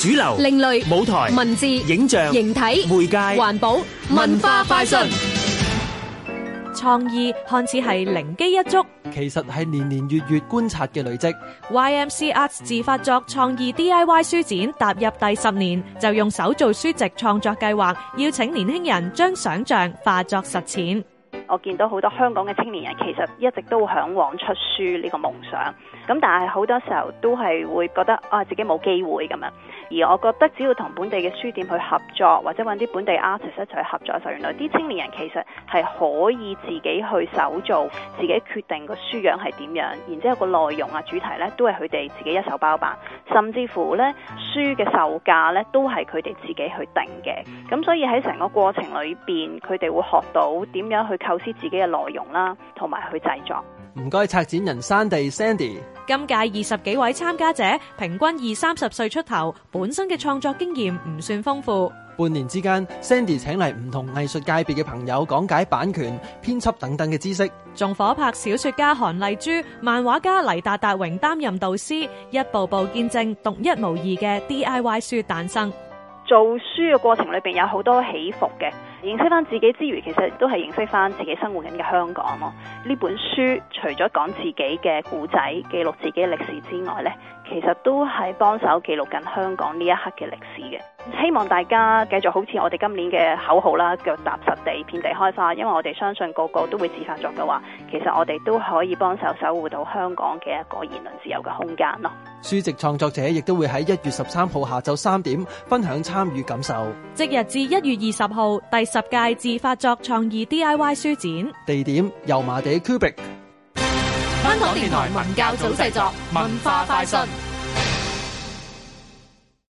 主流、另類舞台、文字、影像、形體、媒介、環保、文化快訊、創意看似係靈機一觸，其實係年年月月觀察嘅累積。YMCA Arts 自發作創意 D I Y 書展踏入第十年，就用手做書籍創作計劃，邀請年輕人將想象化作實踐。我見到好多香港嘅青年人，其實一直都向往出書呢個夢想，咁但係好多時候都係會覺得啊自己冇機會咁樣。而我覺得只要同本地嘅書店去合作，或者揾啲本地 artist 一齊合作嘅時候，原來啲青年人其實係可以自己去手做，自己決定個書樣係點樣，然之後個內容啊主題呢，都係佢哋自己一手包辦，甚至乎呢。書嘅售價咧，都係佢哋自己去定嘅。咁所以喺成個過程裏邊，佢哋會學到點樣去構思自己嘅內容啦，同埋去製作。唔該，策展人 Sandy，Sandy。今屆二十幾位參加者，平均二三十歲出頭，本身嘅創作經驗唔算豐富。半年之間，Sandy 請嚟唔同藝術界別嘅朋友講解版權、編輯等等嘅知識，仲火拍小說家韓麗珠、漫畫家黎達達榮擔任導師，一步步見證獨一無二嘅 DIY 書誕生。做書嘅過程裏邊有好多起伏嘅，認識翻自己之餘，其實都係認識翻自己生活緊嘅香港咯。呢本書除咗講自己嘅故仔、記錄自己嘅歷史之外，呢其實都係幫手記錄緊香港呢一刻嘅歷史嘅。希望大家繼續好似我哋今年嘅口號啦，腳踏實地，遍地開花。因為我哋相信個個都會自發作嘅話，其實我哋都可以幫手守護到香港嘅一個言論自由嘅空間咯。書籍創作者亦都會喺一月十三號下晝三點分享參與感受。即日至一月二十號，第十屆自發作創意 D I Y 書展，地點油麻地 Cubic。香港電台文教組製作，文化快訊。